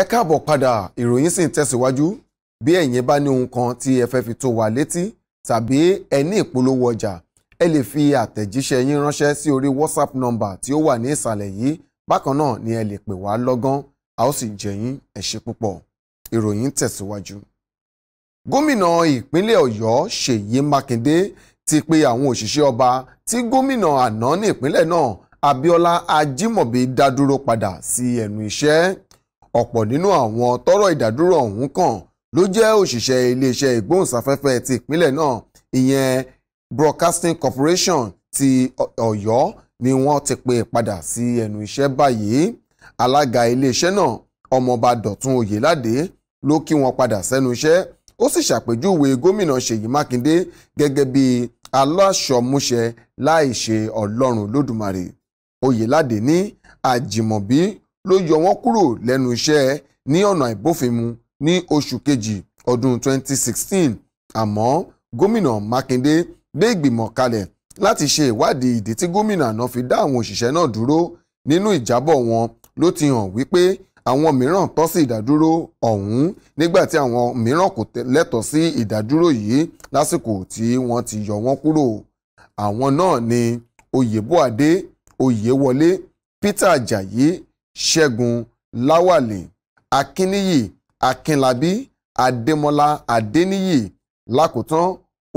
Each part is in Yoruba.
ẹ káàbọ̀ padà ìròyìn sì ń tẹ̀síwájú bí ẹ̀yin bá ní ohun kan tí ẹ fẹ́ fi tó wa létí tàbí ẹ ní ìpolówó ọjà ẹ lè fi àtẹ̀jíṣẹ́ yín ránṣẹ́ sí orí whatsapp number tí ó wà ní ìsàlẹ̀ yìí bákan náà ni ẹ lè pè wá lọ́gán a ó sì jẹ yín ẹ ṣé púpọ̀ ìròyìn tẹ̀síwájú. gómìnà ìpínlẹ̀ ọ̀yọ́ ṣèyí mákindé ti pe àwọn òṣìṣẹ́ ọba tí gómìnà àná ní ìpínlẹ̀ náà abíọ́lá ajímọ̀bí dá dúró padà sí ẹnu iṣẹ́ ọ̀pọ̀ nínú àwọn tọ́rọ̀ ìdádúró ọ̀hún kàn ló jẹ́ òṣìṣẹ́ iléeṣẹ́ ìgbóhùnsáfẹ́fẹ́ ti ìpínlẹ̀ náà ìyẹn Broadcasting Corporation ti Ọ̀yọ́ ni wọ́n ti pè padà sí ẹnu iṣẹ́ báyìí alága iléeṣẹ́ náà ọmọọba Dọ̀tun Oyèládé ló kí wọn padà sẹ́nu iṣẹ́ ó sì ṣàpèjúwe gómìnà Ṣèyí Mákindé gẹ́gẹ́ bí aláṣọmúṣe láìṣe Ọlọ́run Lódùmarè Oyèládé ní Àjìmọ̀bí ló yọ wọ́n kúrò lẹ́nu iṣẹ́ ní ọ̀nà àìbófinmu ní oṣù kejì ọdún 2016 àmọ́ gómìnà Mákindé gbé ìgbìmọ̀ kalẹ̀ láti ṣe ìwádìí ìdí tí gómìnà àná fi dá àwọn òṣìṣẹ́ náà dúró nínú ìjábọ̀ wọn ló ti hàn wípé àwọn mìíràn tọ́ sí ìdádúró ọ̀hún nígbà tí àwọn mìíràn kò lẹ́tọ̀ọ́ sí ìdádúró yìí lásìkò tí wọ́n ti yọ wọ́n kúrò àwọn náà ni Oyèbóadé Oyèwọlé Peter Ajayi ṣẹ́gun láwàlì akínníyì akínlábí adémọ́lá adéníyì lákòótán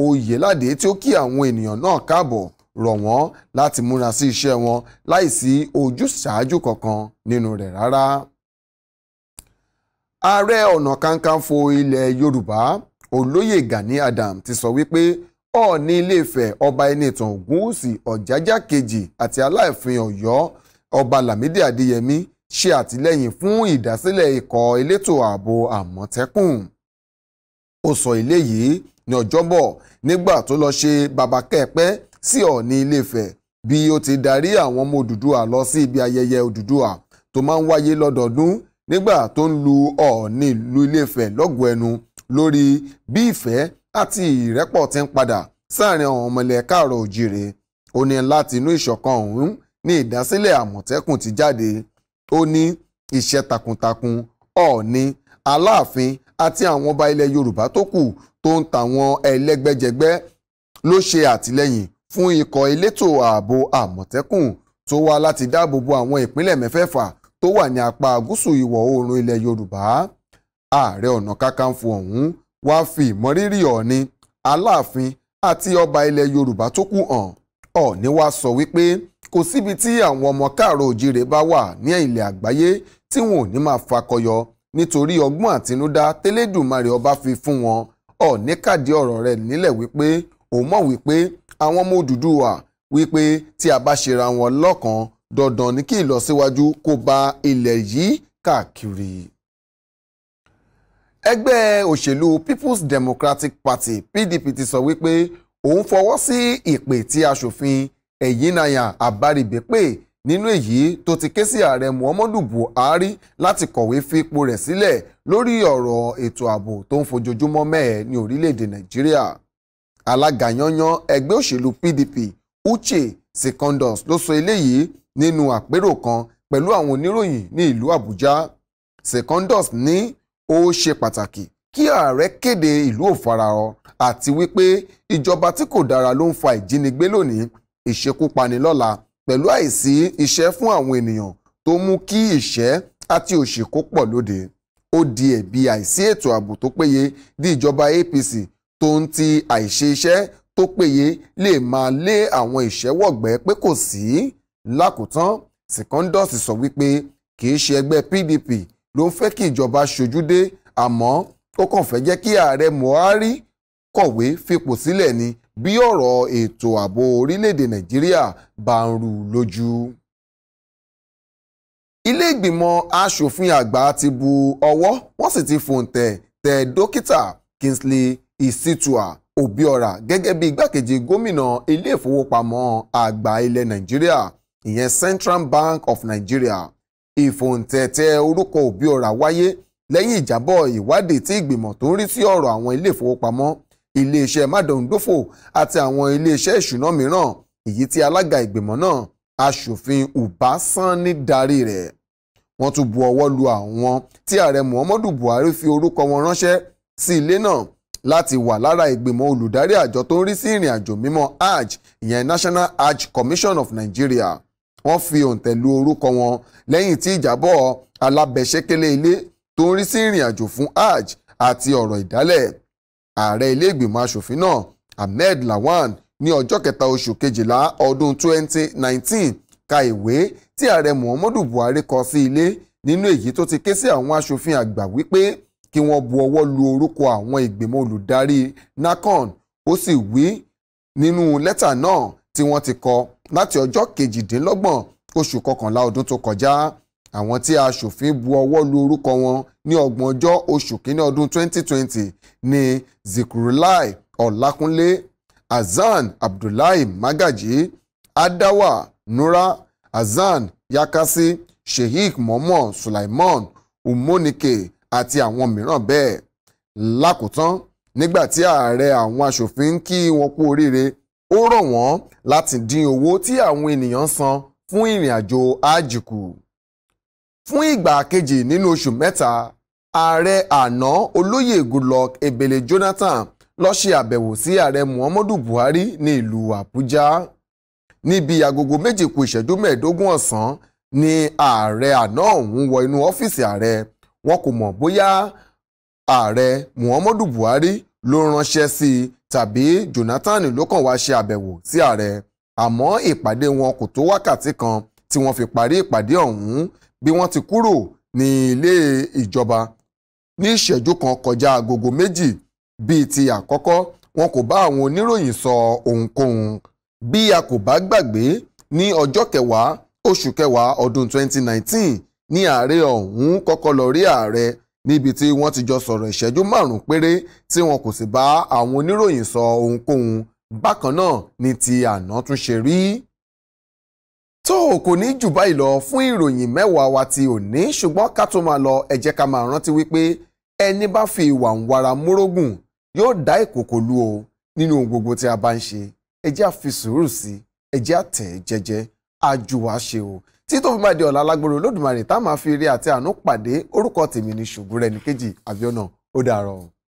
oyèládé tí ó kí àwọn ènìyàn náà káàbọ̀ rọ̀ wọ́n láti múra sí iṣẹ́ wọn láìsí ojúṣàájú kankan nínú rẹ̀ rárá. ààrẹ ọ̀nà kakanfò ilẹ̀ yorùbá olóyè gani adam ti sọ wípé ọọ̀ni ilé-ifẹ̀ ọba ẹnìtàn ògúnwùsì ọ̀jájá kejì àti aláàfin ọ̀yọ́ ọba Lámídì Adéyẹmí ṣe àtìlẹ́yìn fún ìdásílẹ̀ ikọ̀ elétò ààbò àmọ̀tẹ́kùn ó sọ ilé yìí ní ọjọ́bọ̀ nígbà tó lọ ṣe bàbá kẹ́ẹ̀pẹ́ sí ọ̀ní Ilé-Ifẹ̀ bí ó ti darí àwọn ọmọ Odùduwà lọ sí ibi ayẹyẹ Odùduwà tó máa ń wáyé lọ́dọọdún nígbà tó ń lu ọ̀ọ́ni ìlú Ilé-Ifẹ̀ lọ́gọ̀ọ́ ẹnu lórí bí ìfẹ́ àti ìrẹ́pọ̀ ti ń padà sáàrin àwọn ọmọ ilẹ̀ káàrọ̀ òjìrè ó ní láti inú ìṣọ̀kan ọ̀hún Ni ìdásílẹ̀ àmọ̀tẹ́kùn ti jáde ó ní iṣẹ́ takuntakun ọ̀ọ́ni aláàfin àti àwọn ọba ilẹ̀ yorùbá tó kù tó ń tàwọn ẹlẹ́gbẹ́jẹgbẹ́ ló ṣe àtìlẹ́yìn fún ikọ̀ elétò ààbò àmọ̀tẹ́kùn tó wá láti dáàbò bo àwọn ìpínlẹ̀ mẹ́fẹ̀ẹ̀fà tó wà ní apá gúúsù ìwọ̀ oòrùn ilẹ̀ yorùbá ààrẹ ọ̀nà kakanfò ọ̀hún wá fi ìmọrírì ọ̀ọ́ni aláàfin àti ọba ilẹ̀ yorùbá tó kù hàn ọ̀ọ́ni wá sọ wípé kò síbi tí àwọn ọmọ káàrọ̀ òjìrè bá wà ní ilẹ̀ àgbáyé tí wọn ò ní máa fakọyọ nítorí ọgbọ́n àtinúdá tẹ́lẹ́dùmarè ọba fi fún wọn ọ̀ní kàdí ọ̀rọ̀ rẹ̀ nílẹ̀ wípé òun mọ̀ wípé àwọn ọmọ Odùduwà wípé tí a bá ṣera wọn lọ́kan dandan ni kí ìlọsíwájú kó ba ilẹ̀ yìí káàkiri. ẹgbẹ́ òṣèlú People's Democratic Party PDP ti sọ wípé òun fọwọ́ sí ìpè tí aṣòfin Ẹ̀yìnnáyà Àbárìbẹ́pè nínú èyí tó ti ké sí ààrẹ Muhammadu Buhari láti kọ̀wé fi ipò rẹ̀ sílẹ̀ lórí ọ̀rọ̀ ètò ààbò tó ń fojoojúmọ́ mẹ́ẹ̀ ní orílẹ̀-èdè Nàìjíríà alága yanyan ẹgbẹ́ òṣèlú PDP Uche Secondus ló sọ eléyìí nínú àpérò kan pẹ̀lú àwọn oníròyìn ní ìlú Àbújá Secondus ní ó ṣe pàtàkì kí ààrẹ kéde ìlú òfarahàn àti wípé ìjọba tí kò dára ló ń fa ìjínigbé lónìí ìṣekúpani lọ́la pẹ̀lú àìsí iṣẹ́ fún àwọn ènìyàn tó mú kí ìṣẹ́ àti òṣì pọ̀ lóde ó di ẹ̀bi àìsí ètò ààbò tó péye di ìjọba APC tó ń ti àìṣe iṣẹ́ tó péye lè máa lé àwọn ìṣẹ́wọ̀gbẹ́ pé kò sí lákòótán Secondus sọ wípé kì í ṣe ẹgbẹ́ PDP ló ń fẹ́ kí ìjọba ṣojú dé àmọ́ ó kàn fẹ́ jẹ́ kí ààrẹ Buhari kọ̀wé fipò sílẹ̀ ni bí ọ̀rọ̀ ètò ààbò orílẹ̀-èdè nàìjíríà bá ń rú lójú. ilé ìgbìmọ̀ asòfin àgbà ti bu ọwọ́ wọ́n sì ti fòǹtẹ̀ tẹ dókítà Kingsley Isitua Obiora gẹ́gẹ́ bí igbákejì gómìnà ilé ìfowópamọ́ àgbà ilẹ̀ nàìjíríà ìyẹn Central Bank of Nigeria ìfòǹtẹ̀tẹ̀ orúkọ Obiora wáyé lẹ́yìn ìjábọ̀ ìwádìí tí ìgbìmọ̀ tó ń rí sí ọ̀rọ̀ àwọn ilé ìfowópamọ́ iléeṣẹ́ mádọ̀ǹdófò àti àwọn iléeṣẹ́ ìṣúná mìíràn èyí tí alága ìgbìmọ̀ náà aṣòfin Uba Sani darí rẹ̀ wọ́n tún bu ọwọ́ lu àwọn tí ààrẹ Muhammadu Buhari fi orúkọ wọn ránṣẹ́ sí ilé náà láti wà lára ìgbìmọ̀ olùdarí àjọ tó ń rí sí ìrìn àjò hajj ìyẹn National Hajj Commission of Nigeria wọ́n fi òǹtẹ̀ lu orúkọ wọn lẹ́yìn tí ìjábọ̀ alábẹ̀ṣẹ́kẹ́lẹ́ ilé tó ń rí sí ìrìn àjò fún hajj àti ọ̀rọ̀ ìdálẹ̀ ààrẹ ilé ìgbìmọ̀ asòfin náà Ahmed Lawan ní ọjọ́ kẹta oṣù kejìlá ọdún 2019 ka ìwé tí ààrẹ Muhammadu Buhari kọ sí ilé nínú èyí tó ti ké sí àwọn asòfin àgbà wípé kí wọ́n bu ọwọ́ lu orúkọ àwọn ìgbìmọ̀ olùdarí NACON ó sì wí nínú lẹ́tà náà tí wọ́n ti kọ láti ọjọ́ kejìdínlọ́gbọ̀n oṣù kọkànlá ọdún tó kọjá àwọn tí aṣòfin bu ọwọ́ lu orúkọ wọn ní ọgbọ̀njọ́ oṣù kínní ọdún 2020 ní Zikrulai Ọlákúnlé Azan Abdullahi Magaji Adawa Nura Azan Yakasi Sheikh Momo Sulaiman Umonike àti àwọn mìíràn bẹ́ẹ̀ lákòótán nígbà tí ààrẹ àwọn aṣòfin ń kí wọn kú oríire ó rọ̀ wọ́n láti dín owó tí àwọn ènìyàn san fún ìrìn àjò ájì fún ìgbà kejì nínú oṣù mẹ́ta ààrẹ àná olóyè goodluck ebele jonathan lọ ṣe àbẹ̀wò sí ààrẹ muhammadu buhari ní ìlú àbújá níbi agogo méje kù ìṣẹ́jú mẹ́ẹ̀ẹ́dógún ọ̀sán ni ààrẹ àná ọ̀hún wọ inú ọ́fíìsì ààrẹ wọn kò mọ̀ bóyá ààrẹ muhammadu buhari ló ránṣẹ́ sí i tàbí jonathan ló kàn wá ṣe àbẹ̀wò sí ààrẹ àmọ́ ìpàdé wọn kò tó wákàtí kan tí wọ́n fi parí ìpàdé ọ̀hún bí wọ́n ti kúrò ní ilé ìjọba ní ìṣẹ́jú kan kọjá agogo méjì bíi ti àkọ́kọ́ wọn kò bá àwọn oníròyìn sọ ohunkóhun bí a kò bá gbàgbé ní ọjọ́ kẹwàá oṣù kẹwàá ọdún 2019 ní ààrẹ ọ̀hún kọ́kọ́ lọ rí ààrẹ níbi tí wọ́n ti jọ sọ̀rọ̀ ìṣẹ́jú márùn-ún péré tí wọn kò sì bá àwọn oníròyìn sọ ohunkóhun bákan náà ni ti àná tún ṣe rí tó o kò ní jù báyìí lọ fún ìròyìn mẹ́wàá wa ti òní ṣùgbọ́n ká tó máa lọ ẹ jẹ́ ká máa rántí wípé ẹni bá fi ìwà ń wara múrógùn yóò dá ìkòkò lu o nínú ohun gbogbo tí a bá ń ṣe ẹ jẹ́ sùúrù sí ẹ jẹ́ á àjùwà ṣe o tí tó fi máa di ọ̀la lágbóró lódùmarè tá máa fi ire àti àánú pàdé orúkọ tèmi ní ṣògo rẹ̀ ní kejì àbíọ́nà ó dàárọ̀.